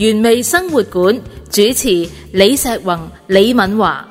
原味生活館主持李碩宏、李敏華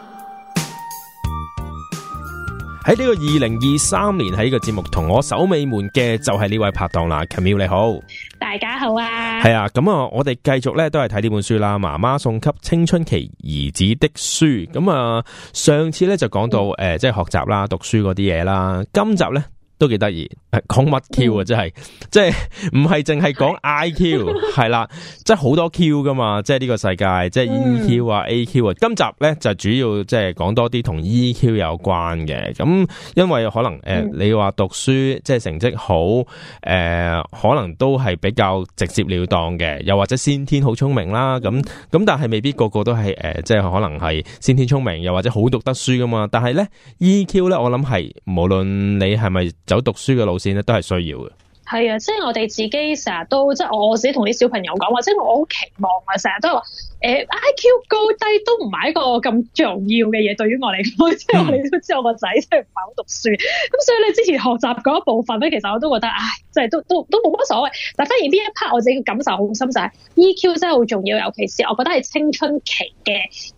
喺呢個二零二三年喺呢個節目同我守尾門嘅就係呢位拍檔啦琴 a 你好，大家好啊，係啊，咁啊，我哋繼續咧都係睇呢本書啦，《媽媽送給青春期兒子的書》。咁啊，上次咧就講到誒，即、呃、係、就是、學習啦、讀書嗰啲嘢啦，今集咧。都幾得意，講、啊、乜 Q 啊？真係，即係唔係淨係講 I Q 係 啦，即係好多 Q 噶嘛，即係呢個世界，即係 EQ 啊 AQ 啊。今集咧就主要即係講多啲同 EQ 有關嘅，咁因為可能誒、呃，你話讀書即係成績好，誒、呃、可能都係比較直接了當嘅，又或者先天好聰明啦，咁咁但係未必個個都係誒、呃，即係可能係先天聰明，又或者好讀得書噶嘛。但係咧 EQ 咧，我諗係無論你係咪。走讀書嘅路線咧，都係需要嘅。係啊，即係我哋自己成日都即係我自己同啲小朋友講，或者我好期望啊，成日都。誒、uh, IQ 高低都唔係一個咁重要嘅嘢，對於我嚟講，即 係我哋都知道我個仔真係唔係好讀書，咁 所以咧之前學習嗰一部分咧，其實我都覺得，唉，即係都都都冇乜所謂。但反而呢一 part 我自己嘅感受好深就係、是、EQ 真係好重要，尤其是我覺得係青春期嘅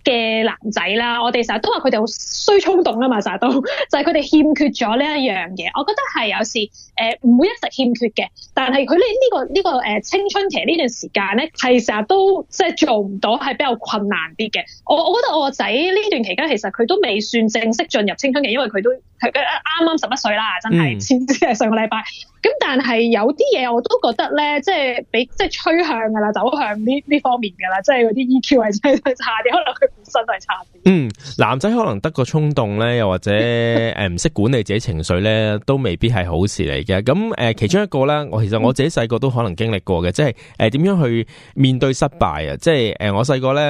嘅男仔啦，我哋成日都話佢哋好衰衝動啊嘛，成日都就係佢哋欠缺咗呢一樣嘢。我覺得係有時誒唔、呃、會一直欠缺嘅，但係佢哋呢個呢、呢個誒、呢個呃、青春期呢段時間咧，係成日都即係做唔到。我係比較困難啲嘅，我我覺得我個仔呢段期間其實佢都未算正式進入青春期，因為佢都係啱啱十一歲啦，真係先至係上個禮拜。咁但係有啲嘢我都覺得咧，即係比即係趨向噶啦，走向呢呢方面噶啦，即係嗰啲 EQ 係真係差啲，可能佢本身係差啲。嗯，男仔可能得個衝動咧，又或者誒唔識管理自己情緒咧，都未必係好事嚟嘅。咁誒、呃，其中一個咧，我其實我自己細個都可能經歷過嘅，即係誒點樣去面對失敗啊，嗯、即係誒我。呃呃我細個咧，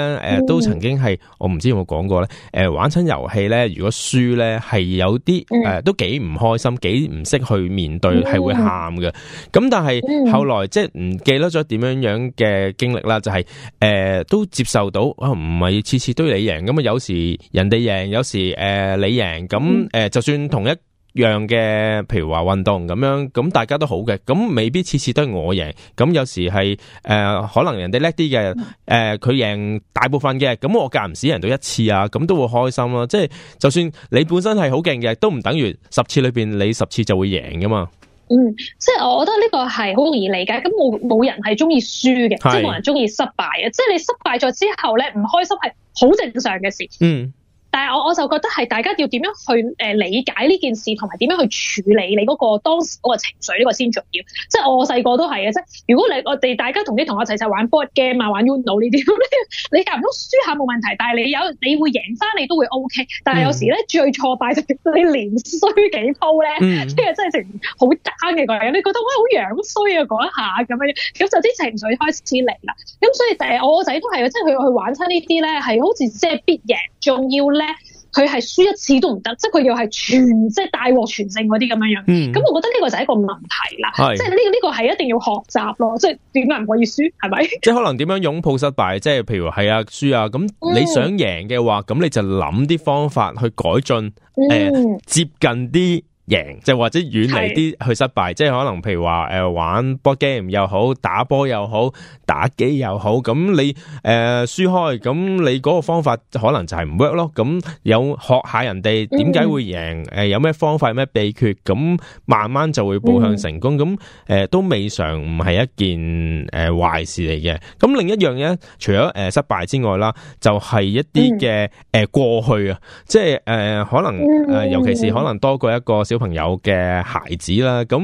誒，都曾經係，我唔知有冇講過咧，誒，玩親遊戲咧，如果輸咧，係有啲，誒，都幾唔開心，幾唔識去面對，係會喊嘅。咁但係後來即係唔記得咗點樣樣嘅經歷啦，就係，誒，都接受到，唔係次次都你贏，咁啊有時人哋贏，有時誒你贏，咁誒就算同一樣嘅，譬如話運動咁樣，咁大家都好嘅，咁未必次次都係我贏，咁有時係誒、呃，可能人哋叻啲嘅，誒、呃，佢贏大部分嘅，咁我間唔死贏到一次啊，咁都會開心咯、啊。即係就算你本身係好勁嘅，都唔等於十次裏邊你十次就會贏噶嘛。嗯，即係我覺得呢個係好容易理解，咁冇冇人係中意輸嘅，即係冇人中意失敗啊，即係你失敗咗之後咧，唔開心係好正常嘅事。嗯。但係我我就覺得係大家要點樣去誒、呃、理解呢件事，同埋點樣去處理你嗰個當時嗰個情緒呢個先重要。即係我細個都係嘅，即係如果你我哋大家同啲同學仔就玩 board game 啊，玩 uno 呢啲， 你你夾唔到輸下冇問題。但係你有你會贏翻，你都會 OK。但係有時咧、嗯、最挫敗就係你連衰幾鋪咧，嗯、即係真係好單嘅個樣。你覺得哇好樣衰啊，一下咁樣，咁就啲情緒開始嚟啦。咁、嗯、所以就係我仔都係即係佢去玩親呢啲咧，係好似即係必贏，仲要。咧佢係輸一次都唔得，即係佢又係全即係大獲全勝嗰啲咁樣、嗯、樣。咁我覺得呢個就係一個問題啦。係即係呢個呢個係一定要學習咯。即係點解唔可以輸？係咪？即係可能點樣擁抱失敗？即係譬如係啊輸啊咁，你想贏嘅話，咁、嗯、你就諗啲方法去改進誒、呃，接近啲。贏即係或者遠離啲去失敗，即係可能譬如話誒、呃、玩 board game 又好，打波又好，打機又好，咁你誒輸、呃、開，咁你嗰個方法可能就係唔 work 咯。咁有學下人哋點解會贏，誒、嗯呃、有咩方法，有咩秘訣，咁慢慢就會步向成功。咁誒、嗯呃、都未嘗唔係一件誒壞、呃、事嚟嘅。咁另一樣嘢，除咗誒、呃、失敗之外啦，就係、是、一啲嘅誒過去啊，即係誒、呃、可能誒、呃，尤其是可能多過一個小。朋友嘅孩子啦，咁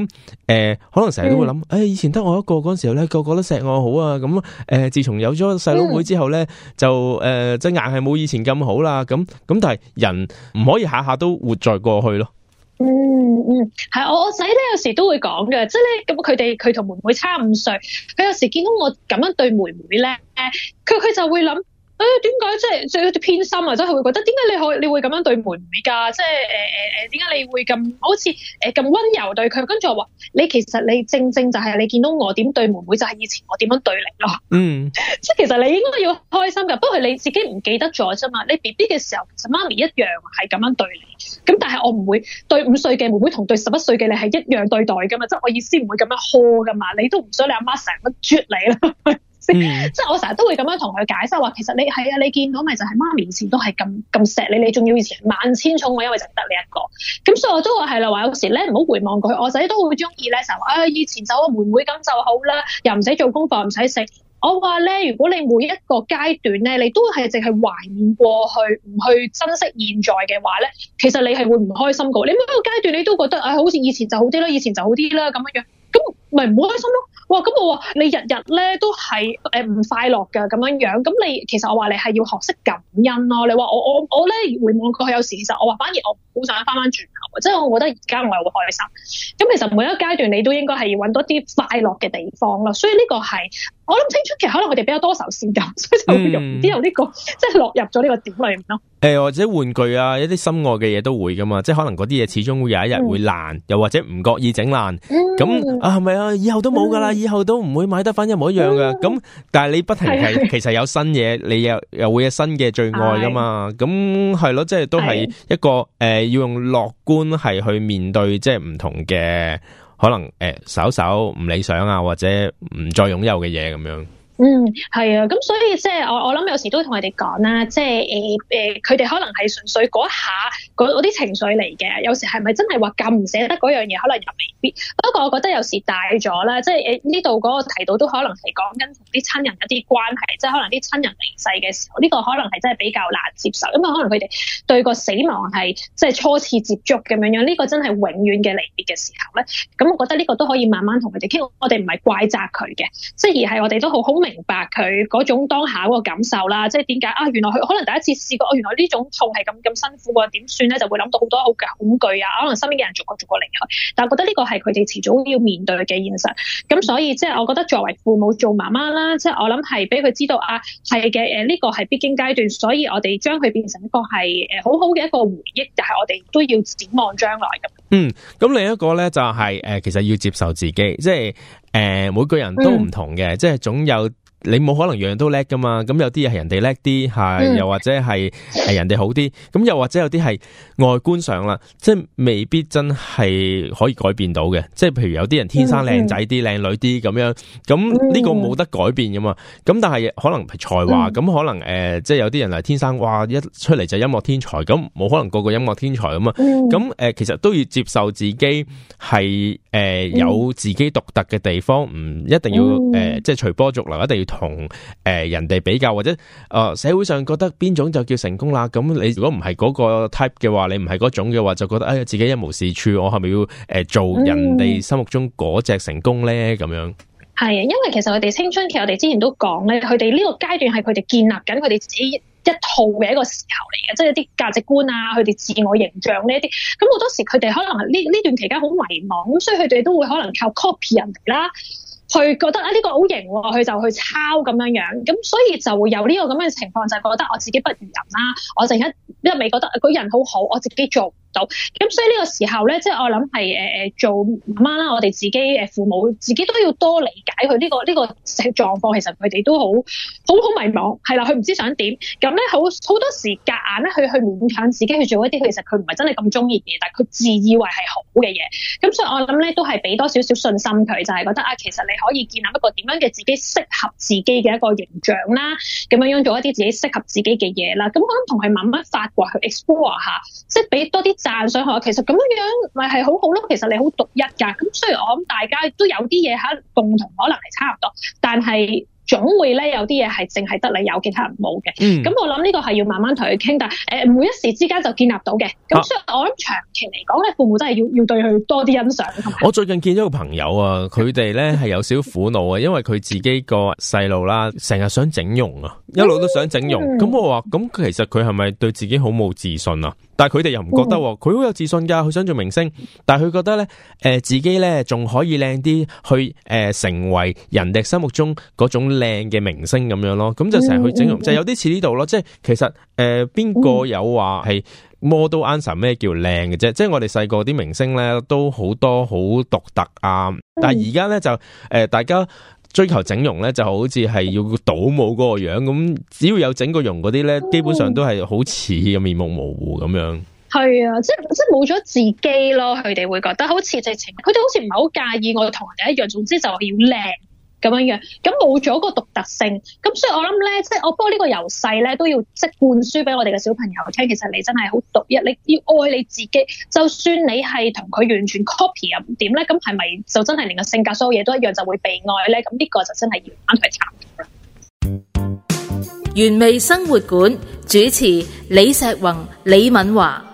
誒，可能成日都會諗，誒，以前得我一個嗰陣時候咧，個個都錫我好啊，咁誒，自從有咗細佬妹之後咧，就誒，即係硬係冇以前咁好啦，咁咁，但係人唔可以下下都活在過去咯。嗯嗯，係我我仔咧有時都會講嘅，即係咧，咁佢哋佢同妹妹差五歲，佢有時見到我咁樣對妹妹咧，誒，佢佢就會諗。誒，點解即係最偏心啊？真係會覺得點解你可你會咁樣對妹妹噶？即係誒誒誒，點解你會咁好似誒咁温柔對佢？跟住我話你其實你正正就係你見到我點對妹妹，就係以前我點樣對你咯。嗯，即係其實你應該要開心噶，不過你自己唔記得咗啫嘛。你 B B 嘅時候，其實媽咪一樣係咁樣對你。咁但係我唔會對五歲嘅妹妹同對十一歲嘅你係一樣對待噶嘛？即係我意思唔會咁樣苛噶嘛。你都唔想你阿媽成日啜你啦。 即係、嗯、我成日都會咁樣同佢解釋，即係話其實你係啊，你見到咪就係媽咪以前都係咁咁錫你，你仲要以前萬千寵愛，因為就得你一個。咁所以我都話係啦，話有時咧唔好回望過去，我仔都會中意咧，成日話啊以前就我妹妹咁就好啦，又唔使做功課，唔使食。我話咧，如果你每一個階段咧，你都係淨係懷念過去，唔去珍惜現在嘅話咧，其實你係會唔開心噶。你每一個階段你都覺得啊、哎，好似以前就好啲啦，以前就好啲啦咁樣樣，咁咪唔開心咯。哇！咁我話你日日咧都係誒唔快樂嘅咁樣樣，咁你其實我話你係要學識感恩咯、啊。你話我我我咧回望過去有時，其實我話反而我好想翻翻轉頭，即係我覺得而家我又會開心。咁其實每一個階段你都應該係要揾到啲快樂嘅地方咯。所以呢個係。我諗青春期可能我哋比較多愁善感，所以就會容唔到呢個，即係落入咗呢個點裏面咯。誒，或者玩具啊，一啲心愛嘅嘢都會噶嘛，即係可能嗰啲嘢始終會有一日會爛，又或者唔覺意整爛。咁啊，係咪啊？以後都冇噶啦，以後都唔會買得翻一模一樣噶。咁但係你不停係，其實有新嘢，你又又會有新嘅最愛噶嘛？咁係咯，即係都係一個誒，要用樂觀係去面對，即係唔同嘅。可能誒搜搜唔理想啊，或者唔再擁有嘅嘢咁樣。嗯，係啊，咁所以即係我我諗有時都會同佢哋講啦，即係誒誒佢哋可能係純粹嗰下嗰啲情緒嚟嘅，有時係咪真係話咁唔捨得嗰樣嘢，可能又未必。不過我覺得有時大咗啦，即係誒呢度嗰個提到都可能係講緊同啲親人一啲關係，即係可能啲親人離世嘅時候，呢個可能係真係比較難接受，因為可能佢哋對個死亡係即係初次接觸咁樣樣呢個真係永遠嘅離別嘅時候咧，咁我覺得呢個都可以慢慢同佢哋傾，我哋唔係怪責佢嘅，即係而係我哋都好好明白佢嗰種當下嗰個感受啦，即係點解啊？原來佢可能第一次試過，哦，原來呢種痛係咁咁辛苦嘅，點算咧就會諗到好多好嘅恐懼啊！可能身邊嘅人逐個逐個離去，但係覺得呢個係佢哋遲早要面對嘅現實。咁所以即係我覺得作為父母做媽媽啦，即係我諗係俾佢知道啊，係嘅，誒、呃、呢、呢個係必經階段，所以我哋將佢變成一個係誒好好嘅一個回憶，但係我哋都要展望將來咁。嗯，咁另一個咧就係、是、誒、呃，其實要接受自己，即係。誒，每個人都唔同嘅，即係總有。你冇可能樣樣都叻噶嘛？咁有啲嘢係人哋叻啲，係又或者係誒人哋好啲，咁、嗯、又或者有啲係外觀上啦，即係未必真係可以改變到嘅。即係譬如有啲人天生靚仔啲、靚、嗯、女啲咁樣，咁呢、嗯、個冇得改變噶嘛？咁但係可能係才華，咁、嗯、可能誒、呃，即係有啲人係天生哇一出嚟就音樂天才，咁冇可能個個音樂天才咁嘛，咁誒、呃，其實都要接受自己係誒、呃、有自己獨特嘅地方，唔一定要誒即係隨波逐流，一定要。呃呃同誒人哋比較，或者誒、哦、社會上覺得邊種就叫成功啦。咁你如果唔係嗰個 type 嘅話，你唔係嗰種嘅話，就覺得誒、哎、自己一無是處。我係咪要誒做人哋心目中嗰隻成功咧？咁樣係啊，因為其實佢哋青春期，我哋之前都講咧，佢哋呢個階段係佢哋建立緊佢哋自己一套嘅一個時候嚟嘅，即係一啲價值觀啊，佢哋自我形象呢一啲。咁好多時佢哋可能呢呢段期間好迷茫，咁所以佢哋都會可能靠 copy 人哋啦。佢覺得啊呢、呢個好型喎、啊，佢就去抄咁樣樣，咁所以就會有呢個咁樣嘅情況，就係、覺得我自己不如人啦、啊，我陣間覺得個人好好，我自己做。到咁、嗯、所以呢個時候咧，即係我諗係誒誒做媽媽啦，我哋自己誒、呃、父母自己都要多理解佢呢、呢個呢、呢個狀況。其實佢哋都好好好迷茫，係啦，佢唔知想點。咁咧，好好多時夾硬咧去去勉強自己去做一啲其實佢唔係真係咁中意嘅，但係佢自以為係好嘅嘢。咁、嗯、所以我諗咧都係俾多少少信心佢，就係、是、覺得啊，其實你可以建立一個點樣嘅自己適合自己嘅一個形象啦，咁樣樣做一啲自己適合自己嘅嘢啦。咁、嗯、我諗同佢慢慢發掘去 explore 下，即係俾多啲。賺上行，其實咁樣樣咪係好好咯。其實你好獨一噶，咁雖然我諗大家都有啲嘢，吓共同，可能係差唔多，但係總會咧有啲嘢係淨係得你有，其他人冇嘅。嗯，咁我諗呢個係要慢慢同佢傾，但係誒，每一時之間就建立到嘅。咁所以，我諗長期嚟講咧，啊、父母都係要要對佢多啲欣賞。我最近見咗個朋友啊，佢哋咧係有少少苦惱啊，因為佢自己個細路啦，成日想整容啊，一路都想整容。咁、嗯嗯、我話，咁其實佢係咪對自己好冇自信啊？但係佢哋又唔覺得，佢好有自信噶，佢想做明星。但係佢覺得咧，誒、呃、自己咧仲可以靚啲，去誒、呃、成為人哋心目中嗰種靚嘅明星咁樣咯。咁就成日去整容，嗯嗯、就有啲似呢度咯。即係其實誒，邊、呃、個有話係 model answer 咩叫靚嘅啫？即係我哋細個啲明星咧，都好多好獨特啊。但係而家咧就誒、呃，大家。追求整容咧，就好似係要倒模嗰個樣咁。只要有整過容嗰啲咧，基本上都係好似咁面目模糊咁樣。係啊，即即冇咗自己咯，佢哋會覺得好似直情，佢哋好似唔係好介意我同人哋一樣，總之就係要靚。咁樣樣，咁冇咗個獨特性，咁所以我諗咧，即係我不過呢個由細咧都要即灌輸俾我哋嘅小朋友聽，其實你真係好獨一，你要愛你自己，就算你係同佢完全 copy 又點咧，咁係咪就真係連個性格所有嘢都一樣就會被愛咧？咁呢個就真係要反去查。原味生活館主持李碩宏、李敏華。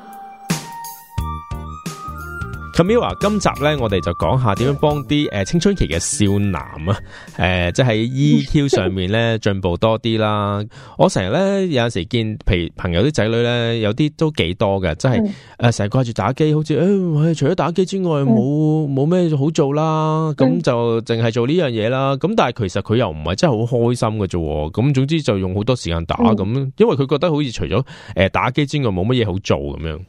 Mia, 今集咧，我哋就講下點樣幫啲誒、呃、青春期嘅少男啊，誒、呃，即係 EQ 上面咧進步多啲啦。我成日咧有陣時見，譬如朋友啲仔女咧，有啲都幾多嘅，即係誒，成日掛住打機，好似誒、欸，除咗打機之外，冇冇咩好做啦，咁就淨係做呢樣嘢啦。咁但係其實佢又唔係真係好開心嘅啫，咁總之就用好多時間打咁，因為佢覺得好似除咗誒、呃、打機之外冇乜嘢好做咁樣。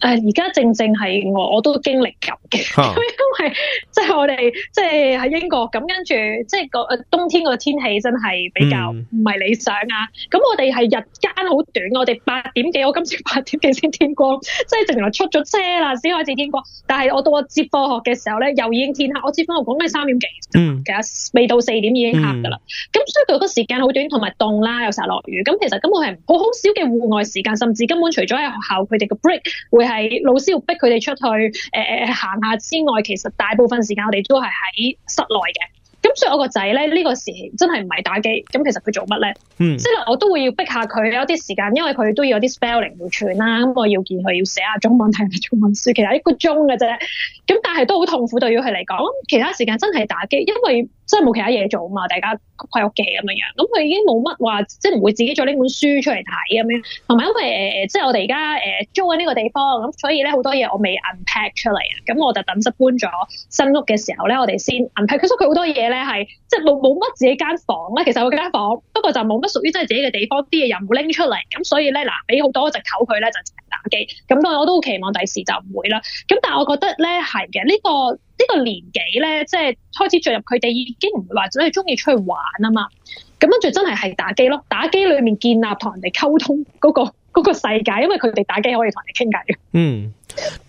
誒而家正正係我我都經歷緊嘅，oh. 因為即係、就是、我哋即係喺英國咁，跟住即係個誒、呃、冬天個天氣真係比較唔係理想啊！咁我哋係日間好短，我哋八點幾，我今次八點幾先天光，即係正原來出咗車啦先開始天光。但係我到我接放學嘅時候咧，又已經天黑。我接放學講緊三點幾，mm. 其實未到四點已經黑噶啦。咁、mm. 嗯、所以佢個時間好短，同埋凍啦，又成日落雨。咁其實根本係好好少嘅戶外時間，甚至根本除咗喺學校佢哋個 break 會。係老師要逼佢哋出去誒誒、呃、行下之外，其實大部分時間我哋都係喺室內嘅。咁所以我個仔咧呢、呢個時期真係唔係打機。咁其實佢做乜咧？嗯、即係我都會要逼下佢有啲時間，因為佢都要有啲 spelling 要傳啦。咁我要見佢要寫下中文，睇下中文書，其實一個鐘嘅啫。咁但係都好痛苦對佢嚟講。其他時間真係打機，因為。即係冇其他嘢做啊嘛，大家喺屋企咁樣樣，咁佢已經冇乜話，即係唔會自己再拎本書出嚟睇咁樣，同埋因為誒、呃，即係我哋而家誒租緊呢個地方，咁所以咧好多嘢我未 unpack 出嚟啊，咁我就等實搬咗新屋嘅時候咧，我哋先 unpack。佢實佢好多嘢咧係，即係冇冇乜自己間房咧，其實個間房不過就冇乜屬於即係自己嘅地方，啲嘢又冇拎出嚟，咁所以咧嗱，俾好多隻狗佢咧就成日打機，咁當然我都期望第時就唔會啦，咁但係我覺得咧係嘅呢、呢個。個年紀咧，即係開始進入佢哋已經唔會話只係中意出去玩啊嘛，咁樣就真係係打機咯。打機裏面建立同人哋溝通嗰個、嗰個世界，因為佢哋打機可以同人哋傾偈。嗯。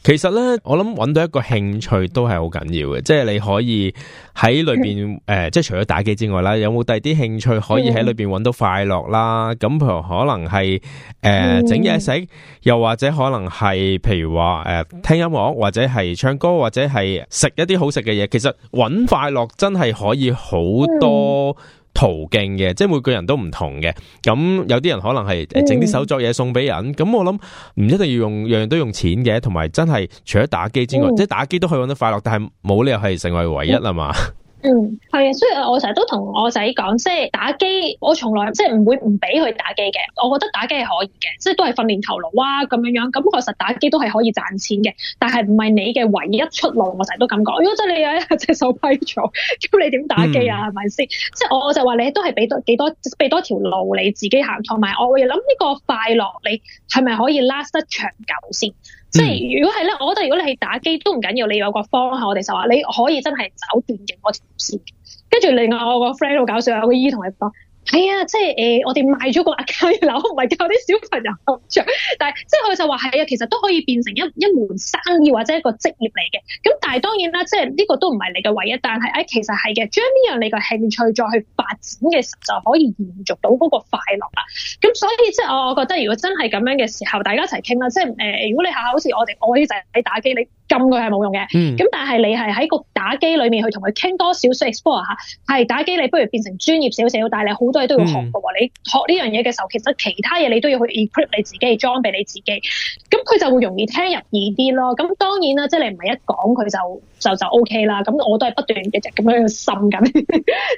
其實咧，我諗搵到一個興趣都係好緊要嘅，即係你可以喺裏邊誒、呃，即係除咗打機之外啦，有冇第二啲興趣可以喺裏邊搵到快樂啦？咁、嗯、譬如可能係誒整嘢食，又或者可能係譬如話誒、呃、聽音樂，或者係唱歌，或者係食一啲好食嘅嘢。其實搵快樂真係可以好多。嗯途徑嘅，即係每個人都唔同嘅。咁有啲人可能係整啲手作嘢送俾人。咁、嗯、我諗唔一定要用樣樣都用錢嘅，同埋真係除咗打機之外，嗯、即係打機都可以搵到快樂，但係冇理由係成為唯一啦嘛。嗯 嗯，係啊，所以我成日都同我仔講，即係打機，我從來即係唔會唔俾佢打機嘅。我覺得打機係可以嘅，即係都係訓練頭腦啊，咁樣樣。咁確實打機都係可以賺錢嘅，但係唔係你嘅唯一出路。我成日都咁講，如果真係你有一隻手跛咗，咁你點打機啊？係咪先？即係我就話你都係俾多幾多俾多條路你自己行，同埋我會諗呢個快樂你係咪可以 last 得長久先？嗯、即係，如果係咧，我覺得如果你係打機都唔緊要，你有個方向，我哋就話，你可以真係走電影嗰條線。跟住另外我個 friend 好搞笑，我個姨同佢講。係啊、哎，即係誒、呃，我哋賣咗個阿雞樓，唔係教啲小朋友學，但係即係佢就話係啊，其實都可以變成一一門生意或者一個職業嚟嘅。咁但係當然啦，即係呢、這個都唔係你嘅唯一，但係誒，其實係嘅，將呢樣你嘅興趣再去發展嘅時候，就可以延續到嗰個快樂啦。咁所以即係我我覺得，如果真係咁樣嘅時候，大家一齊傾啦。即係誒、呃，如果你下下好似我哋我啲仔喺打機，你禁佢係冇用嘅。咁、嗯、但係你係喺個打機裏面去同佢傾多少少 explore 吓，係打機你不如變成專業少少，但係你好。都係、嗯、都要學嘅，你學呢樣嘢嘅時候，其實其他嘢你都要去 equip 你自己，裝備你自己，咁佢就會容易聽入耳啲咯。咁當然啦，即係你唔係一講佢就就就 OK 啦。咁我都係不斷日日咁樣去滲緊，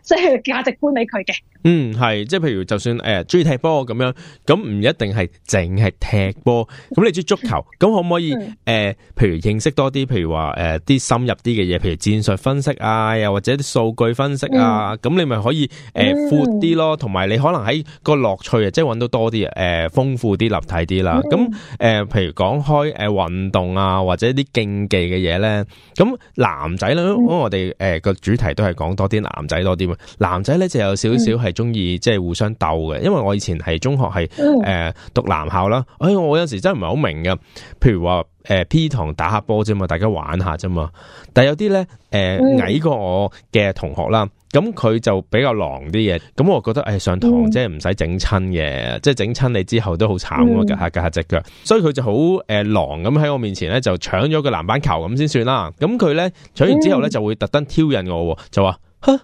即係價值觀俾佢嘅。嗯，係，即係譬如就算誒中意踢波咁樣，咁唔一定係淨係踢波。咁你中意足球，咁可唔可以誒、嗯呃？譬如認識多啲，譬如話誒啲深入啲嘅嘢，譬如戰術分析啊，又或者啲數據分析啊，咁、嗯嗯、你咪可以誒闊啲咯。呃同埋你可能喺個樂趣啊，即係搵到多啲啊，誒、呃，豐富啲立體啲啦。咁誒、mm hmm. 呃，譬如講開誒運動啊，或者啲競技嘅嘢咧，咁男仔咧，mm hmm. 我哋誒個主題都係講多啲男仔多啲嘛。男仔咧就有少少係中意即係互相鬥嘅，因為我以前系中學係誒、呃、讀男校啦。哎，我有時真係唔係好明噶，譬如話。誒、呃、P 堂打下波啫嘛，大家玩下啫嘛。但係有啲咧，誒、呃、是的 矮過我嘅同學啦，咁佢就比較狼啲嘢。咁我覺得誒、哎，上堂即係唔使整親嘅，是的 即係整親你之後都好慘㗎，夾夾是的 下隻腳。所以佢就好誒、呃、狼咁喺我面前咧，就搶咗個籃板球咁先算啦。咁佢咧搶完之後咧，就會特登挑釁我，就話：哼，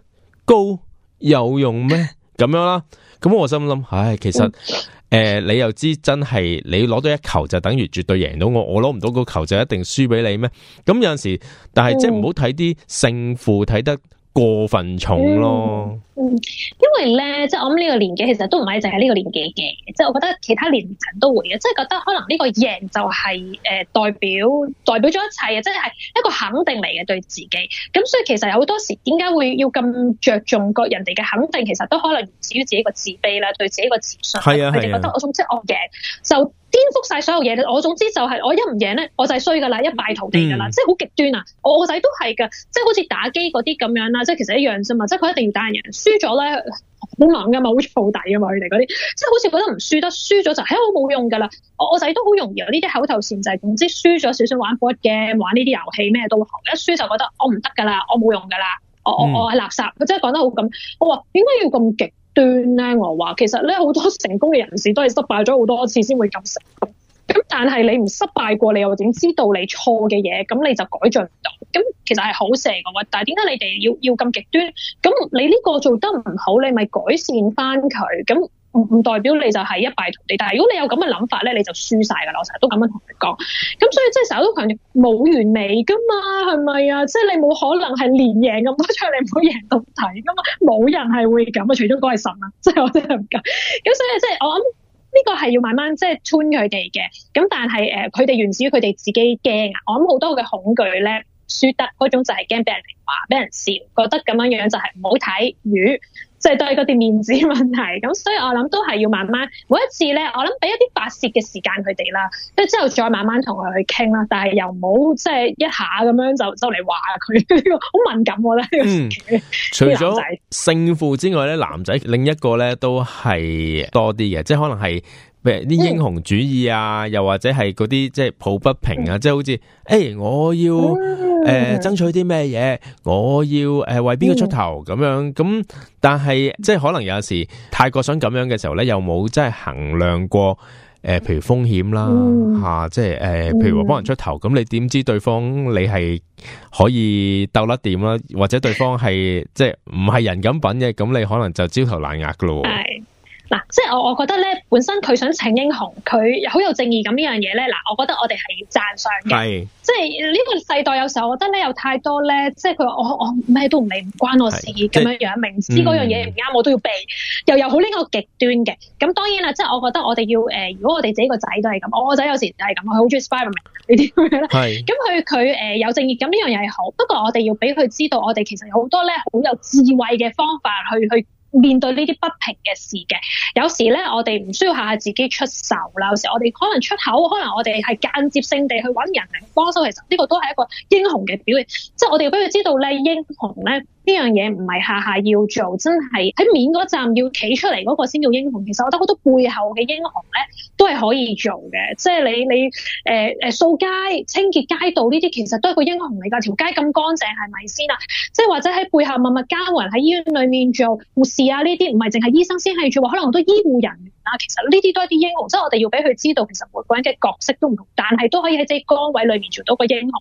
高有用咩？咁 樣啦。咁我心諗，唉，其實。 誒、呃，你又知真係你攞到一球就等於絕對贏到我，我攞唔到個球就一定輸俾你咩？咁有陣時，但係即係唔好睇啲勝負睇得過分重咯。因為咧，即係我諗呢個年紀，其實都唔係淨係呢個年紀嘅，即係我覺得其他年層都會嘅，即係覺得可能呢個贏就係、是、誒、呃、代表代表咗一切嘅，即係一個肯定嚟嘅，對自己。咁所以其實有好多時點解會要咁着重個人哋嘅肯定，其實都可能源自於自己個自卑啦，對自己個自信。係啊佢哋覺得我總之、啊、我贏就顛覆晒所有嘢。我總之就係我一唔贏咧，我就係衰噶啦，一敗塗地噶啦、嗯，即係好極端啊！我個仔都係噶，即係好似打機嗰啲咁樣啦，即係其實一樣啫嘛，即係佢一定要打贏。輸咗咧，好猛噶嘛，好燥底噶嘛，佢哋嗰啲，即係好似覺得唔輸得，輸咗就，哎，我冇用噶啦，我仔都好容易有呢啲口頭禪，就係、是、唔知輸咗少少玩 board game，玩呢啲遊戲咩都好，一輸就覺得我唔得噶啦，我冇用噶啦，我我我係垃圾，佢真係講得好咁，我話點解要咁極端咧，我話其實咧好多成功嘅人士都係失敗咗好多次先會咁成咁但係你唔失敗過，你又點知道你錯嘅嘢？咁你就改進唔到。咁其實係好事嚟嘅喎。但係點解你哋要要咁極端？咁你呢個做得唔好，你咪改善翻佢。咁唔唔代表你就係一敗塗地。但係如果你有咁嘅諗法咧，你就輸曬㗎喇。我成日都咁樣同佢講。咁所以即係成日都強調冇完美㗎嘛？係咪啊？即係你冇可能係連贏咁多場，你冇贏到底㗎嘛？冇人係會咁啊，除咗嗰係神啊。即係我真係唔敢。咁所以即係我諗。呢個係要慢慢即係 train 佢哋嘅，咁但係誒佢哋源自於佢哋自己驚啊！我諗好多嘅恐懼咧，輸得嗰種就係驚病人。話俾人笑，覺得咁樣樣就係唔好睇，魚即係對嗰啲面子問題，咁所以我諗都係要慢慢，每一次咧，我諗俾一啲發洩嘅時間佢哋啦，即係之後再慢慢同佢去傾啦，但係又唔好即係一下咁樣就收嚟話佢，好 敏感我覺得。 嗯，除咗勝負之外咧，男仔 另一個咧都係多啲嘅，即係可能係。譬如啲英雄主義啊，又或者係嗰啲即係抱不平啊，即係好似誒、欸，我要誒、呃、爭取啲咩嘢？我要誒、呃、為邊個出頭咁樣？咁但係即係可能有時太過想咁樣嘅時候咧，又冇即係衡量過誒、呃，譬如風險啦吓、嗯啊，即係誒、呃，譬如話幫人出頭，咁你點知對方你係可以鬥得掂啦？或者對方係、嗯、即係唔係人咁品嘅，咁你可能就焦頭爛額噶咯。哎嗱，即係我，我覺得咧，本身佢想請英雄，佢好有正義感呢樣嘢咧。嗱，我覺得我哋係要讚賞嘅。係是，即係呢個世代，有時候我覺得咧，有太多咧，即係佢話我我咩都唔理，唔關我事咁樣是樣，明知嗰樣嘢唔啱，我都要避，又又好呢個極端嘅。咁當然啦，即係我覺得我哋要誒、呃，如果我哋自己個仔都係咁，我個仔有時就係咁，佢好中意 Spiderman 呢啲咁樣啦。係是，咁佢佢誒有正義感呢樣嘢係好，不過我哋要俾佢知道，我哋其實有好多咧好有智慧嘅方法去去。面對呢啲不平嘅事嘅，有時咧我哋唔需要下下自己出手啦，有時我哋可能出口，可能我哋係間接性地去揾人嚟幫手，其實呢個都係一個英雄嘅表現，即係我哋要俾佢知道咧，英雄咧。呢樣嘢唔係下下要做，真係喺面嗰站要企出嚟嗰個先叫英雄。其實我覺得好多背後嘅英雄咧，都係可以做嘅。即係你你誒誒掃街、清潔街道呢啲，其實都係個英雄嚟㗎。條街咁乾淨係咪先啊？即係或者喺背後默默耕耘，喺醫院裏面做護士啊，呢啲唔係淨係醫生先係做。可能好多醫護人員啊啦，其實呢啲都係啲英雄。即係我哋要俾佢知道，其實每個人嘅角色都唔同，但係都可以喺自己崗位裏面做到個英雄。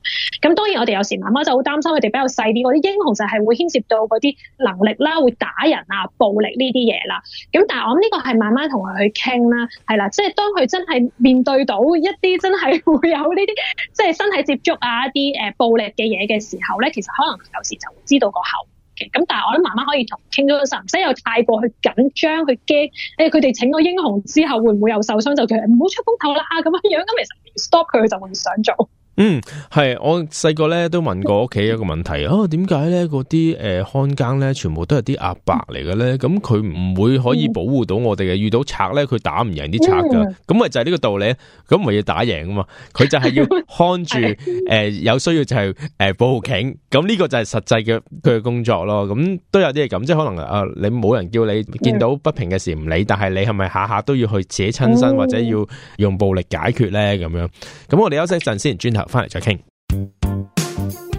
咁當然我哋有時媽媽就好擔心佢哋比較細啲嗰啲英雄，就係會牽涉到嗰啲能力啦，會打人啊、暴力呢啲嘢啦。咁但係我諗呢個係慢慢同佢去傾啦，係啦。即係當佢真係面對到一啲真係會有呢啲即係身體接觸啊、一啲誒暴力嘅嘢嘅時候咧，其實可能有時就會知道個後嘅。咁但係我諗慢慢可以同傾咗嗰陣，唔使有太過去緊張去驚。誒，佢、哎、哋請個英雄之後會唔會又受傷？就叫佢唔好出風頭啦咁樣樣咁，其實 stop 佢佢就會唔想做。嗯，係我細個咧都問過屋企一個問題，啊，點解咧啲誒看更咧全部都係啲阿伯嚟嘅咧？咁佢唔會可以保護到我哋嘅？遇到賊咧，佢打唔贏啲賊噶？咁咪就係呢個道理，咁咪要打贏啊嘛？佢就係要看住誒、呃、有需要就係、是、誒、呃、報警，咁呢個就係實際嘅佢嘅工作咯。咁都有啲係咁，即係可能啊、呃、你冇人叫你見到不平嘅事唔理，但係你係咪下下都要去自己親身或者要用暴力解決咧？咁樣，咁我哋休息一陣先，轉頭翻嚟再傾，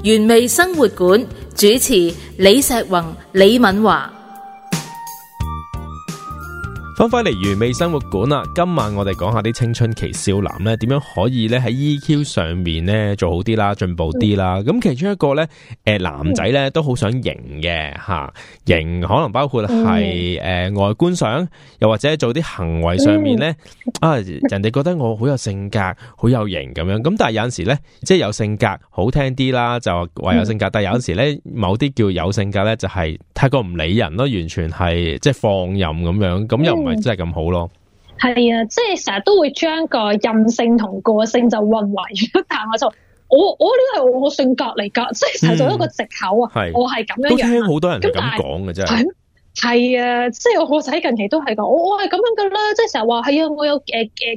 原味生活館主持李碩宏、李敏華。翻返嚟完美生活館啦，今晚我哋講下啲青春期少男咧，點樣可以咧喺 EQ 上面咧,做好啲啦，進步啲啦。咁、嗯、其中一個咧，誒、呃、男仔咧都好想型嘅吓、啊，型可能包括係誒、呃、外觀上，又或者做啲行為上面咧，嗯、啊人哋覺得我好有性格，好有型咁樣。咁但係有陣時咧，即係有性格好聽啲啦，就話有性格。嗯、但係有陣時咧，某啲叫有性格咧，就係太過唔理人咯，完全係即係放任咁樣，咁又唔。是是真係咁好咯？係啊、嗯，即係成日都會將個任性同個性就混為一談。但係我就，我我呢個係我性格嚟噶，即係成日做一個借口啊！我係咁樣，都聽好多人咁講嘅啫。係啊，即係我喺近期都係咁，我我係咁樣噶啦。即係成日話係啊，我有誒誒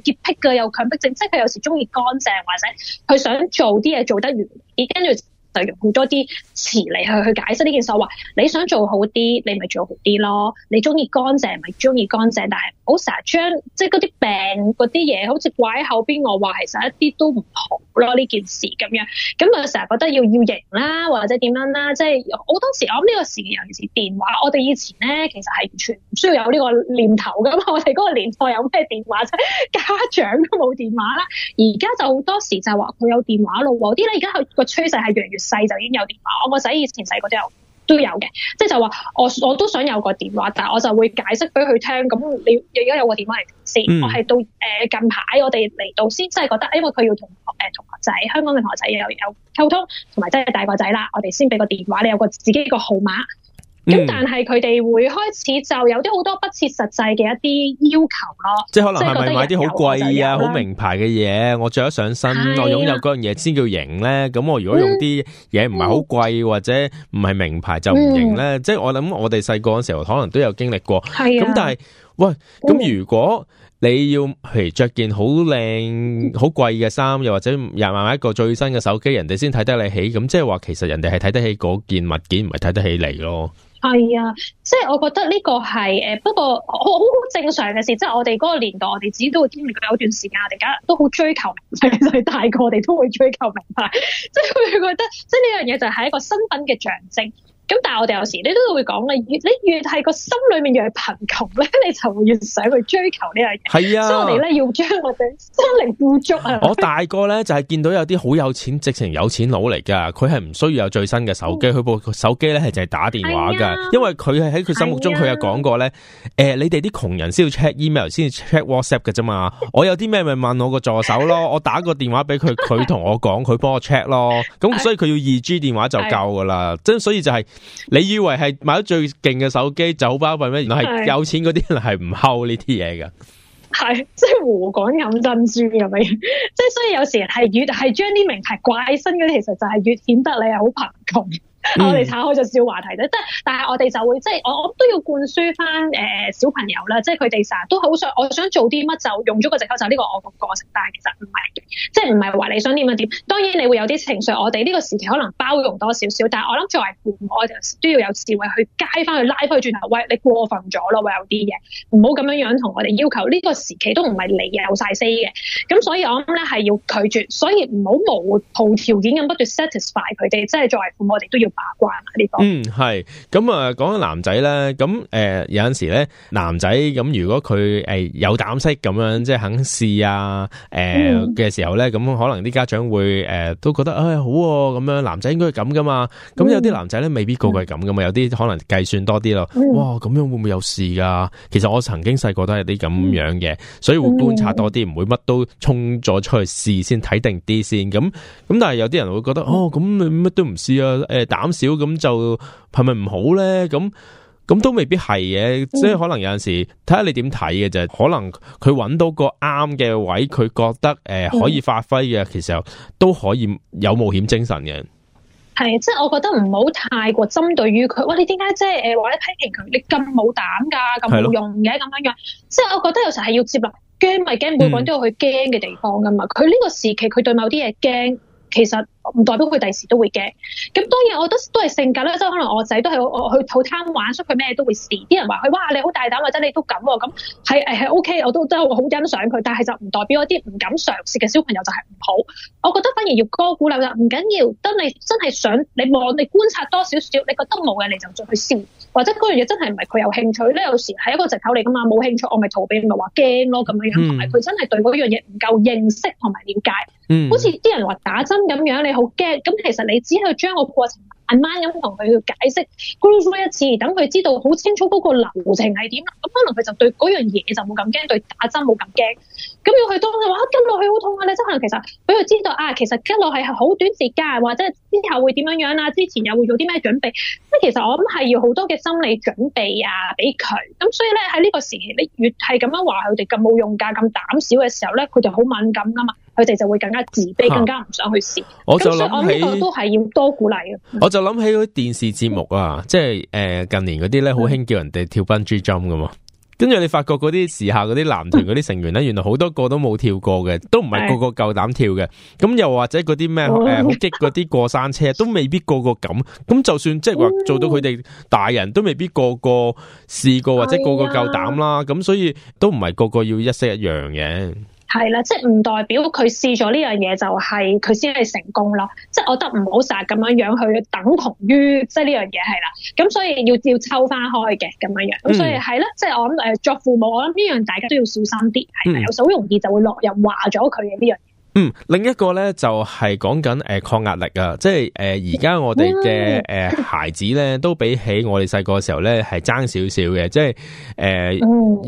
潔癖嘅，又強迫症，即係佢有時中意乾淨，或者佢想做啲嘢做得完，跟住。就用多啲詞嚟去去解釋呢件事，話你想做好啲，你咪做好啲咯。你中意乾淨咪中意乾淨，但係好成日將即係嗰啲病嗰啲嘢，好似掛喺後邊我。我話其實一啲都唔好咯，呢件事咁樣咁我成日覺得要要型啦，或者點樣啦，即係我當時我諗呢個時期尤其是電話，我哋以前咧其實係完全唔需要有呢個念頭㗎嘛。我哋嗰個年代有咩電話啫？家長都冇電話啦。而家就好多時就話佢有電話咯。啲咧而家個趨勢係越嚟越。細就已經有電話，我個仔以前細個都有都有嘅，即係就話我我都想有個電話，但係我就會解釋俾佢聽，咁你而家有個電話嚟先，我係到誒近排我哋嚟到先，真係覺得因為佢要同誒同學仔香港嘅同學仔有有溝通，同埋真係大個仔啦，我哋先俾個電話你有個自己個號碼。咁、嗯、但係佢哋會開始就有啲好多不切實際嘅一啲要求咯，即係可能係咪買啲好貴啊、好名牌嘅嘢，我着得上身，啊、我擁有嗰樣嘢先叫型咧。咁我如果用啲嘢唔係好貴或者唔係名牌就唔型咧，嗯、即係我諗我哋細個嗰時候可能都有經歷過。咁、啊、但係喂，咁如果你要譬如着件好靚、好貴嘅衫，又或者廿萬買一個最新嘅手機，人哋先睇得你起。咁即係話，其實人哋係睇得起嗰件物件，唔係睇得起你咯。係啊，即係我覺得呢個係誒、呃，不過好好正常嘅事，即係我哋嗰個年代，我哋自己都會經歷過有段時間，我哋而家都好追求名牌，其實大個我哋都會追求名牌，即係會覺得，即係呢樣嘢就係一個身份嘅象徵。咁但係我哋有時你都會講啦，越你越係個心裏面越係貧窮咧，你就越想去追求呢樣嘢。係是啊，所以我哋咧要將我哋心靈富足啊。我大個咧就係、是、見到有啲好有錢，直情有錢佬嚟噶，佢係唔需要有最新嘅手機，佢、嗯、部手機咧係就係打電話噶，是啊、因為佢係喺佢心目中佢有講過咧，誒是、啊呃，你哋啲窮人先要 check email 先要 check WhatsApp 嘅啫嘛。我有啲咩咪問我個助手咯， 我打個電話俾佢，佢同我講，佢幫我 check 咯。咁所以佢要二 G 電話就夠噶啦，即所以就係、是。你以為係買咗最勁嘅手機就好巴閉咩？原來係有錢嗰啲人係唔 hold 呢啲嘢嘅，係即係胡港飲珍珠咁咪？即 係所以有時係越係將啲名牌掛身嗰啲，其實就係越顯得你係好貧窮。 我哋拆開就少話題啫，即係但係我哋就會即係我我都要灌輸翻誒、呃、小朋友啦，即係佢哋成日都好想我想做啲乜就用咗個藉口就呢個我個過程，但係其實唔係，即係唔係話你想點就點。當然你會有啲情緒，我哋呢個時期可能包容多少少，但係我諗作為父母，我哋都要有智慧去街翻去拉翻去轉頭，喂，你過分咗咯，會有啲嘢唔好咁樣樣同我哋要求。呢、呢個時期都唔係你有晒 say 嘅，咁所以我諗咧係要拒絕，所以唔好無無條件咁不斷 satisfy 佢哋，即係作為父母，我哋都要。 嗯，係咁啊，講男仔咧，咁誒有陣時咧男仔，咁如果佢誒有膽識咁樣，即係肯試啊誒嘅、呃、時候咧，咁可能啲家長會誒、呃、都覺得誒、哎、好咁、啊、樣，男仔應該係咁噶嘛，咁有啲男仔咧，未必個個係咁嘅嘛，有啲可能計算多啲咯，哇，咁樣會唔會有事噶、啊、其實我曾經細個都係啲咁樣嘅，所以會觀察多啲，唔會乜都衝咗出去試，先睇定啲先，咁咁，但係有啲人會覺得哦，咁你乜都唔試啊誒減少咁就係咪唔好咧？咁咁都未必係嘅，嗯、即係可能有陣時睇下你點睇嘅就係，可能佢揾到個啱嘅位，佢覺得誒、呃嗯、可以發揮嘅，其實都可以有冒險精神嘅。係，即係我覺得唔好太過針對於佢。喂你點解即係誒，或者批評佢？你咁冇膽噶，咁冇用嘅咁樣樣。即係我覺得有時係要接納，驚咪驚，每個人都要去驚嘅地方噶嘛。佢呢、嗯、個時期，佢對某啲嘢驚，其實。唔代表佢第時都會驚。咁當然我覺得都係性格啦，即係可能我仔都係我，佢好貪玩，所以佢咩都會試。啲人話佢，哇你好大膽或者你都噉喎，咁係誒係 OK，我都真係好欣賞佢，但係就唔代表一啲唔敢嘗試嘅小朋友就係唔好。我覺得反而要高鼓勵啦，唔緊要，等你真係想你望你觀察多少少，你覺得冇嘅你就再去笑。或者嗰樣嘢真係唔係佢有興趣咧，有時係一個藉口嚟㗎嘛，冇興趣我咪逃避，咪話驚咯咁樣樣，同埋佢真係對嗰樣嘢唔夠認識同埋瞭解，嗯，好似啲人話打針咁樣，你好驚，咁其實你只係將個過程，慢慢咁同佢去解釋 go through 一次，等佢知道好清楚嗰個流程係點，咁可能佢就對嗰樣嘢就冇咁驚，對打針冇咁驚。咁要佢當佢話，跟落去好痛啊！咧，即係可能其實俾佢知道啊，其實跟落去係好短時間，或者之後會點樣樣啦，之前又會做啲咩準備。咁其實我諗係要好多嘅心理準備啊，俾佢。咁所以咧，喺呢個時期，你越係咁樣話佢哋咁冇用架、咁膽小嘅時候咧，佢就好敏感噶嘛。佢哋就會更加自卑，更加唔想去試。我就諗起都係要多鼓勵。我就諗起嗰電視節目啊， 即係誒近年嗰啲咧好興叫人哋跳 Bungee Jump 噶嘛，跟住你發覺嗰啲時下嗰啲男團嗰啲成員咧，原來好多個都冇跳過嘅，都唔係個個夠膽跳嘅。咁 又或者嗰啲咩誒好激嗰啲過山車，都未必個個咁。咁就算即係話做到佢哋大人都未必個個試過或者個個夠膽啦。咁 所以都唔係個個要一式一樣嘅。係啦，即係唔代表佢試咗呢樣嘢就係佢先係成功啦。即係我覺得唔好成日咁樣樣去等同於即係呢樣嘢係啦。咁所以要照抽翻開嘅咁樣樣。咁所以係啦，即係、嗯、我諗誒作父母，我諗呢樣大家都要小心啲係，嗯、有時好容易就會落入話咗佢嘅呢樣嘢。嗯，另一個咧就係講緊誒抗壓力啊，即係誒而家我哋嘅誒孩子咧都比起我哋細個嘅時候咧係爭少少嘅，即係誒、呃、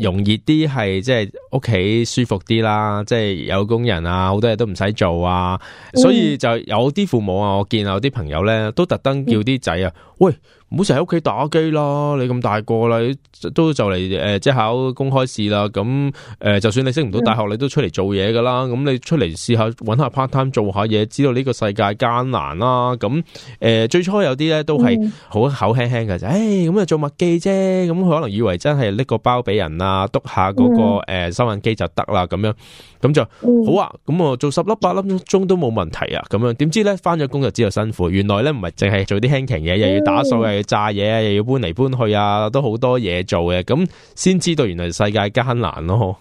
容易啲係即係屋企舒服啲啦，即係有工人啊，好多嘢都唔使做啊，所以就有啲父母啊，我見有啲朋友咧都特登叫啲仔啊，喂。唔好成日喺屋企打機啦！你咁大個啦，都就嚟誒，即係考公開試啦。咁誒，就算你升唔到大學，你都出嚟做嘢㗎啦。咁你出嚟試下，搵下 part time 做下嘢，知道呢個世界艱難啦。咁誒、呃，最初有啲咧都係好口輕輕嘅，嗯哎、就誒，咁啊做麥記啫。咁佢可能以為真係拎個包俾人啊，督下嗰個誒收銀機就得啦，咁樣。咁就好啊！咁啊，做十粒八粒鐘都冇問題啊！咁樣點知咧，翻咗工就知道辛苦。原來咧唔係淨係做啲輕型嘢，又要打掃，又要炸嘢，又要搬嚟搬去啊，都好多嘢做嘅。咁先知道原來世界艱難咯。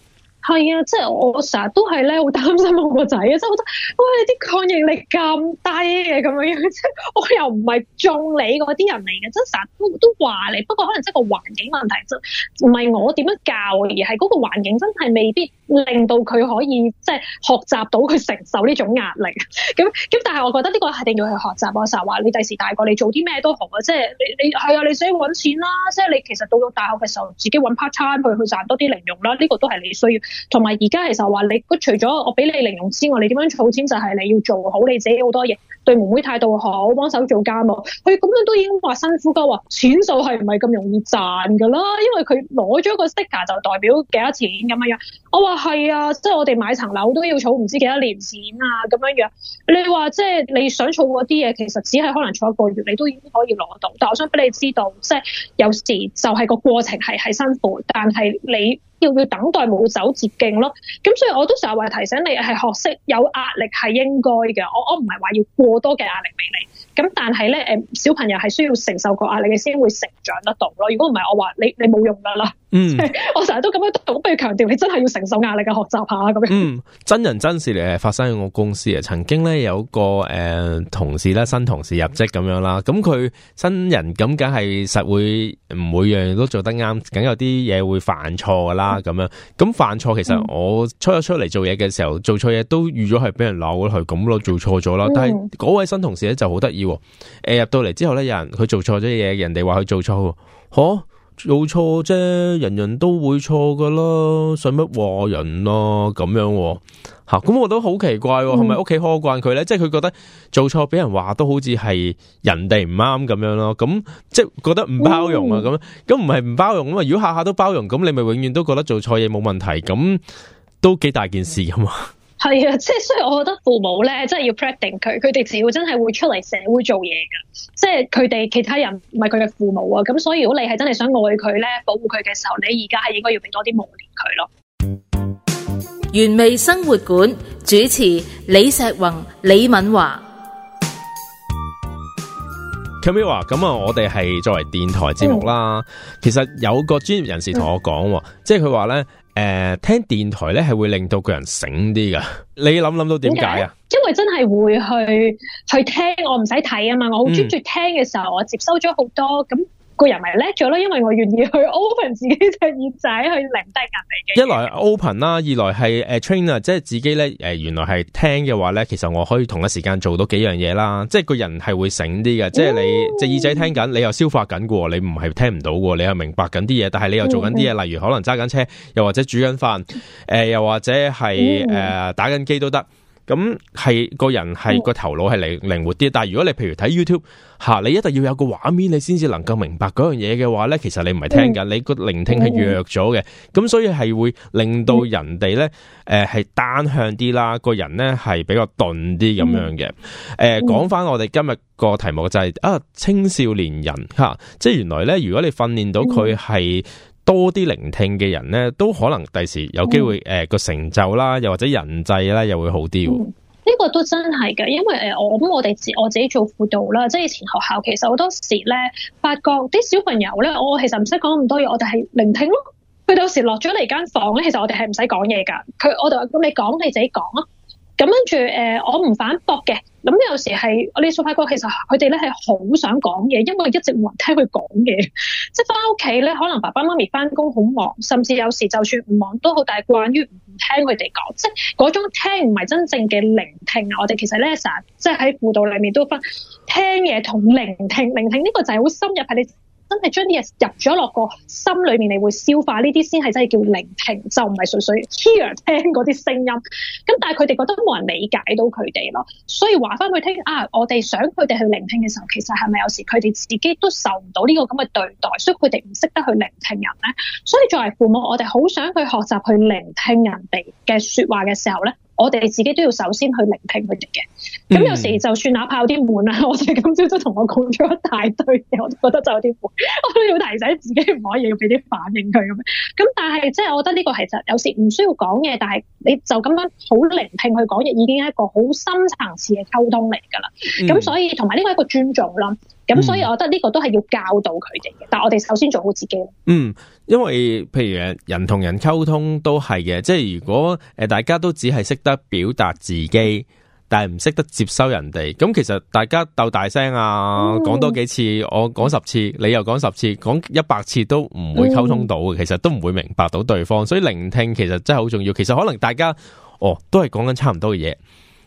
係啊，即係我成日都係咧，好擔心我個仔啊，即係覺得喂，你啲抗應力咁低嘅咁樣樣，即係我又唔係中你嗰啲人嚟嘅，即係成日都都話你，不過可能即係個環境問題，即唔係我點樣教，而係嗰個環境真係未必令到佢可以即係學習到佢承受呢種壓力。咁咁但係我覺得呢個係一定要去學習嗰陣話，你第時大個你做啲咩都好啊，即係你你係啊，你想揾錢啦，即係你其實到到大學嘅時候自己揾 part time 去去賺多啲零用啦，呢個都係你需要。同埋而家其實話你，除咗我俾你零用之外，你點樣儲錢就係你要做好你自己好多嘢，對妹妹態度好，幫手做家務。佢咁樣都已經話辛苦㗎喎，錢數係唔係咁容易賺㗎啦？因為佢攞咗個 sticker 就代表幾多錢咁樣樣。我話係啊，即係我哋買層樓都要儲唔知幾多年錢啊咁樣樣。你話即係你想儲嗰啲嘢，其實只係可能儲一個月，你都已經可以攞到。但我想俾你知道，即係有時就係個過程係係辛苦，但係你。要要等待冇走捷徑咯，咁所以我都成日話提醒你係學識有壓力係應該嘅，我我唔係話要過多嘅壓力俾你，咁但係咧，誒小朋友係需要承受個壓力嘅先會成長得到咯，如果唔係我話你你冇用噶啦，嗯，我成日都咁樣好不如強調，你真係要承受壓力嘅學習下咁嘅，嗯，真人真事嚟，發生喺我公司啊，曾經咧有個誒同事咧新同事入職咁樣啦，咁佢新人咁梗係實會唔會樣樣都做得啱，梗有啲嘢會犯錯噶啦。咁樣，咁犯錯其實我初初出嚟做嘢嘅時候，做錯嘢都預咗係俾人鬧，係咁咯，做錯咗啦。但係嗰位新同事咧就好得意，誒入到嚟之後咧，有人佢做錯咗嘢，人哋話佢做錯，吓、啊、做錯啫，人人都會錯噶啦。使乜話人咯、啊，咁樣、哦。吓，咁、啊、我都好奇怪，係咪屋企苛慣佢咧？即係佢覺得做錯俾人話都好似係人哋唔啱咁樣咯。咁即係覺得唔包容啊，咁咁唔係唔包容啊嘛？如果下下都包容，咁你咪永遠都覺得做錯嘢冇問題，咁都幾大件事噶嘛？係、嗯、 啊，即係所以我覺得父母咧，真係要 practising 佢，佢哋只要真係會出嚟社會做嘢噶，即係佢哋其他人唔係佢嘅父母啊。咁所以如果你係真係想愛佢咧，保護佢嘅時候，你而家係應該要俾多啲磨練佢咯。原味生活館主持李碩宏、李敏華，Camila，咁啊，我哋係作為電台節目啦。嗯、其實有個專業人士同我講，即係佢話咧，誒、呃，聽電台咧係會令到個人醒啲噶。你諗諗到點解啊？因為真係會去去聽，我唔使睇啊嘛，我好專注聽嘅時候，嗯、我接收咗好多咁。個人咪叻咗咯，因為我願意去 open 自己隻耳仔去聆聽隔籬嘅。一來 open 啦，二來係誒 trainer 即係自己咧誒、呃、原來係聽嘅話咧，其實我可以同一時間做到幾樣嘢啦。即係個人係會醒啲嘅，嗯、即係你隻耳仔聽緊，你又消化緊嘅，你唔係聽唔到嘅，你又明白緊啲嘢，但係你又做緊啲嘢，嗯、例如可能揸緊車，又或者煮緊飯，誒、呃，又或者係誒、嗯呃、打緊機都得。咁係個人係個頭腦係靈靈活啲，但係如果你譬如睇 YouTube 吓、啊，你一定要有個畫面，你先至能夠明白嗰樣嘢嘅話咧，其實你唔係聽噶，你個聆聽係弱咗嘅，咁所以係會令到人哋咧，誒、呃、係單向啲啦，個人咧係比較鈍啲咁樣嘅。誒、呃，講翻我哋今日個題目就係、是、啊，青少年人吓、啊，即係原來咧，如果你訓練到佢係。多啲聆聽嘅人咧，都可能第時有機會誒、嗯呃、個成就啦，又或者人際啦，又會好啲。呢、嗯這個都真係噶，因為誒我咁我哋自我自己做輔導啦，即、就、係、是、以前學校其實好多時咧，發覺啲小朋友咧，我其實唔識講咁多嘢，我哋係聆聽咯。佢到時落咗嚟間房咧，其實我哋係唔使講嘢噶。佢我哋話咁「你講你自己講啊。」咁跟住誒我唔反駁嘅。咁有時係我哋小朋友其實佢哋咧係好想講嘢，因為一直冇人聽佢講嘢。即係翻屋企咧，可能爸爸媽咪翻工好忙，甚至有時就算唔忙都好，大慣於唔聽佢哋講，即係嗰種聽唔係真正嘅聆聽啊！我哋其實呢，即係喺輔導裡面都分聽嘢同聆聽，聆聽呢個就係好深入係你。真係將啲嘢入咗落個心裏面，你會消化呢啲先係真係叫聆聽，就唔係純粹 hear 聽嗰啲聲音。咁但係佢哋覺得都冇人理解到佢哋咯，所以話返佢聽啊！我哋想佢哋去聆聽嘅時候，其實係咪有時佢哋自己都受唔到呢個咁嘅對待，所以佢哋唔識得去聆聽人咧？所以作為父母，我哋好想去學習去聆聽人哋嘅説話嘅時候咧。我哋自己都要首先去聆聽佢哋嘅，咁有時就算哪怕有啲悶啊，我哋今朝都同我講咗一大堆嘢，我都覺得就有啲悶，我都要提醒自己唔可以要俾啲反應佢咁，咁但係即係我覺得呢個其實有時唔需要講嘢，但係你就咁樣好聆聽佢講嘢，已經係一個好深層次嘅溝通嚟噶啦，咁所以同埋呢個係一個尊重啦。咁、嗯、所以，我覺得呢個都係要教導佢哋嘅，但係我哋首先做好自己咯。嗯，因為譬如人同人溝通都係嘅，即係如果誒大家都只係識得表達自己，但係唔識得接收人哋，咁其實大家鬥大聲啊，講多幾次，嗯、我講十次，你又講十次，講一百次都唔會溝通到嘅，其實都唔會明白到對方。所以聆聽其實真係好重要。其實可能大家哦都係講緊差唔多嘅嘢，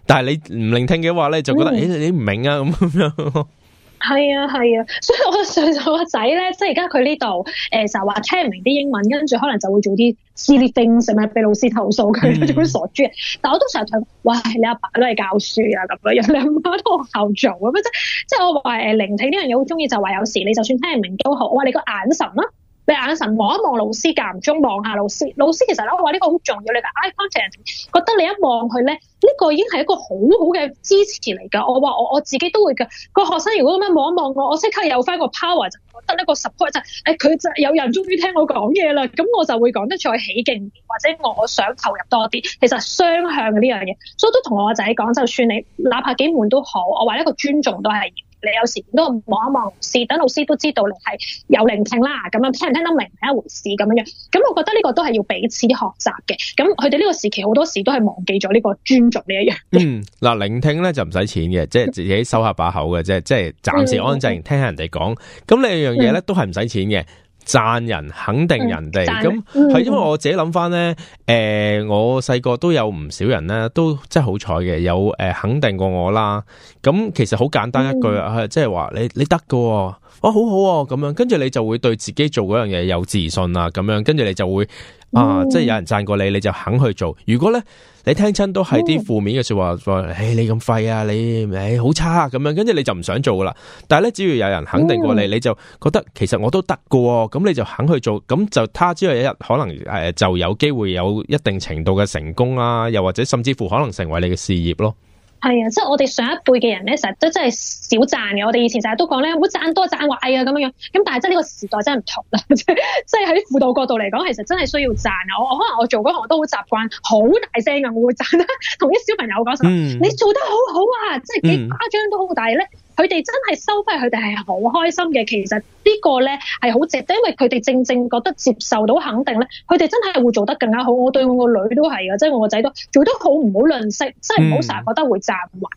但係你唔聆聽嘅話咧，就覺得誒、嗯欸、你唔明啊咁樣。 係啊係啊，所以我上我個仔咧，即係而家佢呢度，誒成日話聽唔明啲英文，跟住可能就會做啲 shitty things，成日俾老師投訴佢做種傻豬。 但我都成日同，哇！你阿爸都係教書啊，咁樣人你阿媽都學校做咁樣即係，即係我話誒、呃、聆聽呢樣嘢好中意，就話有時你就算聽唔明都好，我話你個眼神啦、啊。你眼神望一望老師，間唔中望下老師。老師其實咧，我話呢個好重要。你嘅 eye contact，覺得你一望佢咧，呢個已經係一個好好嘅支持嚟㗎。我話我我自己都會㗎個學生，如果咁樣望一望我，我即刻有翻個 power，就覺得呢個 support 就誒、是，佢、哎、就有人終於聽我講嘢啦。咁我就會講得再起勁，或者我想投入多啲。其實雙向嘅呢樣嘢，所以都同我仔講，就算你哪怕幾悶都好，我話一個尊重都係。你有時都望一望師，等老師都知道你係有聆聽啦。咁樣聽唔聽得明係一回事咁樣樣。咁我覺得呢個都係要彼此學習嘅。咁佢哋呢個時期好多時都係忘記咗呢個專注呢一樣。嗯，嗱，聆聽咧就唔使錢嘅，即係自己收下把口嘅啫，即係暫時安靜聽下人哋講。咁呢、嗯、一樣嘢咧都係唔使錢嘅。讚人肯定人哋，咁係、嗯、因為我自己諗翻咧，誒、呃，我細個都有唔少人咧，都真係好彩嘅，有誒、呃、肯定過我啦。咁其實好簡單一句、嗯、啊，即係話你你得㗎，哦，好好咁、啊、樣，跟住你就會對自己做嗰樣嘢有自信啦、啊。咁樣跟住你就會啊，即係有人讚過你，你就肯去做。如果咧。你聽親都係啲負面嘅說話，誒、哎，你咁廢啊，你誒好、哎、差啊，咁樣，跟住你就唔想做噶啦但係咧，只要有人肯定過你，你就覺得其實我都得噶喎，咁你就肯去做，咁就他朝有一日可能誒就有機會有一定程度嘅成功啊，又或者甚至乎可能成為你嘅事業咯。係啊，即係我哋上一輩嘅人咧，成日都真係少讚嘅。我哋以前成日都講咧，唔好讚多讚壞啊咁樣樣。咁但係真係呢個時代真係唔同啦。即係喺輔導角度嚟講，其實真係需要讚啊。我可能我做嗰行都好習慣，好大聲啊，我會讚啊，同 啲小朋友講：嗯、你做得好好啊！即係幾誇張都好大咧。佢哋真係收翻，佢哋係好開心嘅。其實呢個咧係好值得，因為佢哋正正覺得接受到肯定咧，佢哋真係會做得更加好。我對我個女都係啊，即係我個仔都做得好唔好，吝嗇即係唔好成日覺得會讚壞，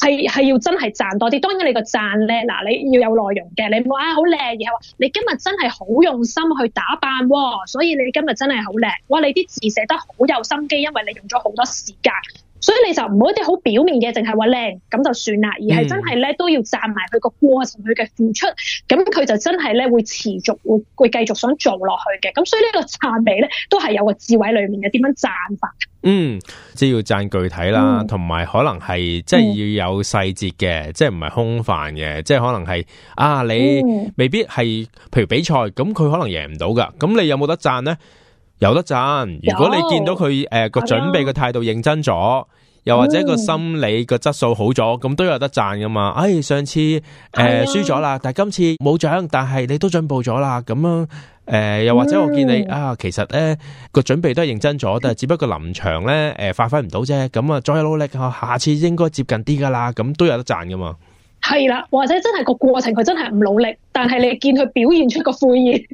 係係、嗯、要真係讚多啲。當然你個讚咧，嗱你要有內容嘅，你唔好話啊，好靚，而係話你今日真係好用心去打扮喎，所以你今日真係好靚。哇！你啲字寫得好有心機，因為你用咗好多時間。所以你就唔好一啲好表面嘅，淨係話靚咁就算啦，而係真係咧都要讚埋佢個過程，佢嘅付出，咁佢就真係咧會持續會會繼續想做落去嘅。咁所以呢個讚美咧都係有個智慧裏面嘅點樣讚法。嗯，即係要讚具體啦，同埋，嗯，可能係即係要有細節嘅，即係唔係空泛嘅，即係可能係啊，你未必係譬如比賽咁，佢可能贏唔到噶，咁你有冇得讚咧？有得讚，如果你見到佢誒，個準備嘅態度認真咗，啊、又或者個心理個質素好咗，咁、嗯、都有得讚噶嘛。誒、哎，上次誒輸咗啦，但係今次冇獎，但係你都進步咗啦。咁樣誒、呃，又或者我見你、嗯、啊，其實咧個準備都係認真咗，但係只不過臨場咧誒、呃、發揮唔到啫。咁啊，再努力下、啊，下次應該接近啲噶啦。咁都有得讚噶嘛。係啦，或者真係個過程佢真係唔努、努力，但係你見佢表現出個悔意，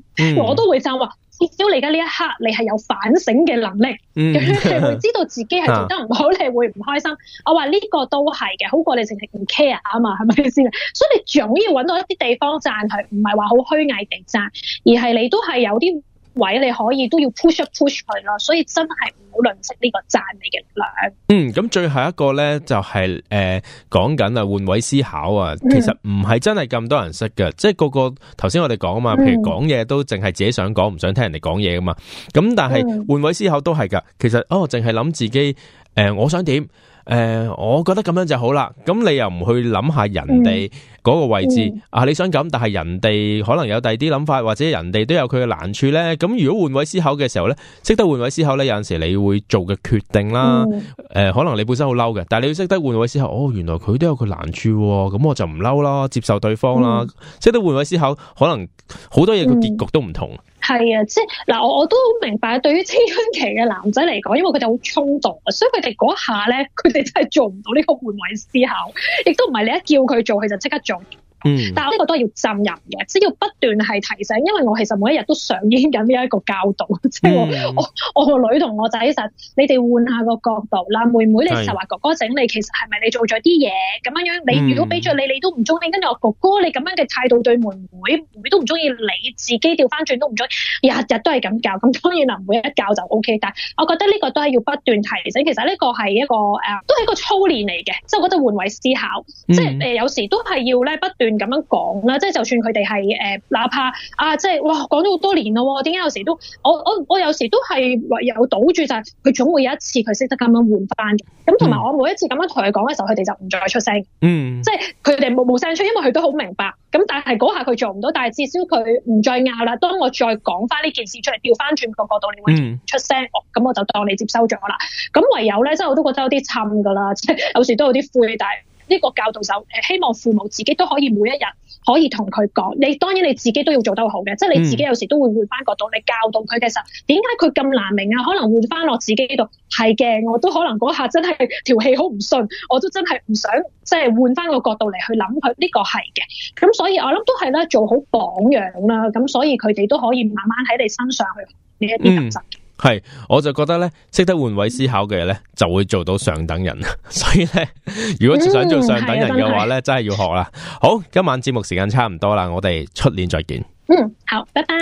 我都會讚話。至少你而家呢一刻，你係有反省嘅能力，嗯、 你會知道自己係做得唔好， 你會唔開心。我話呢個都係嘅，好過你淨係唔 care 啊嘛，係咪先？所以你總要搵到一啲地方贊佢，唔係話好虛偽地贊，而係你都係有啲位你可以都要 push push 佢咯，所以真係唔好吝嗇呢個讚美嘅量。嗯，咁最後一個咧就係誒講緊啊換位思考啊，其實唔係真係咁多人識噶，嗯、即係個個頭先我哋講啊嘛，譬如講嘢都淨係自己想講，唔想聽人哋講嘢噶嘛。咁但係換位思考都係噶，其實哦淨係諗自己誒、呃，我想點。誒、呃，我覺得咁樣就好啦。咁你又唔去諗下人哋嗰個位置，嗯嗯、啊，你想咁，但係人哋可能有第二啲諗法，或者人哋都有佢嘅難處呢。咁如果換位思考嘅時候呢，識得換位思考呢，有陣時你會做嘅決定啦。誒、呃，可能你本身好嬲嘅，但係你要識得換位思考。哦，原來佢都有佢難處，咁、嗯嗯哦、我就唔嬲啦，接受對方啦。識得換位思考，可能好多嘢，個結局都唔同。嗯嗯係啊，即係嗱，我我都好明白，對於青春期嘅男仔嚟講，因為佢哋好衝動啊，所以佢哋嗰下咧，佢哋真係做唔到呢個換位思考，亦都唔係你一叫佢做，佢就即刻做。嗯、但係呢個都係要浸入嘅，只、就是、要不斷係提醒，因為我其實每一日都上演緊一個教導，即、就、係、是、我、嗯、我個女同我仔實，你哋換下個角度啦，妹妹你就話哥哥整你，是其實係咪你做咗啲嘢咁樣樣？你如果俾咗你，嗯、你都唔中意，跟住我哥哥你咁樣嘅態度對妹妹，妹妹都唔中意，你自己調翻轉都唔中意，日日都係咁教，咁當然啦，每一教就 O、OK, K，但係我覺得呢個都係要不斷提醒，其實呢個係一個誒、呃，都係一個操練嚟嘅，即係我覺得換位思考，即係誒有時都係要咧不斷。咁樣講啦，即係就算佢哋係誒，哪怕啊，即係哇，講咗好多年咯，點解有時都我我我有時都係唯有堵住就係、是、佢總會有一次佢識得咁樣換翻，咁同埋我每一次咁樣同佢講嘅時候，佢哋就唔再出聲，嗯，即係佢哋冇冇聲出，因為佢都好明白，咁但係嗰下佢做唔到，但係至少佢唔再拗啦。當我再講翻呢件事出嚟，調翻轉個角度，你會出聲，我咁、嗯、我就當你接收咗啦。咁唯有咧，即我都覺得有啲撐㗎啦，即係有時都有啲灰，但呢個教導手誒，希望父母自己都可以每一日可以同佢講。你當然你自己都要做得好嘅。嗯、即係你自己有時都會換翻角度，你教導佢嘅時候，點解佢咁難明啊？可能換翻落自己度係嘅，我都可能嗰下真係條氣好唔順，我都真係唔想即係換翻個角度嚟去諗佢呢個係嘅。咁所以我諗都係咧，做好榜樣啦。咁所以佢哋都可以慢慢喺你身上去學呢一啲品質。嗯係，我就覺得咧，識得換位思考嘅咧，就會做到上等人。所以咧，如果想做上等人嘅話咧，嗯，真係要學啦。好，今晚節目時間差唔多啦，我哋出年再見。嗯，好，拜拜。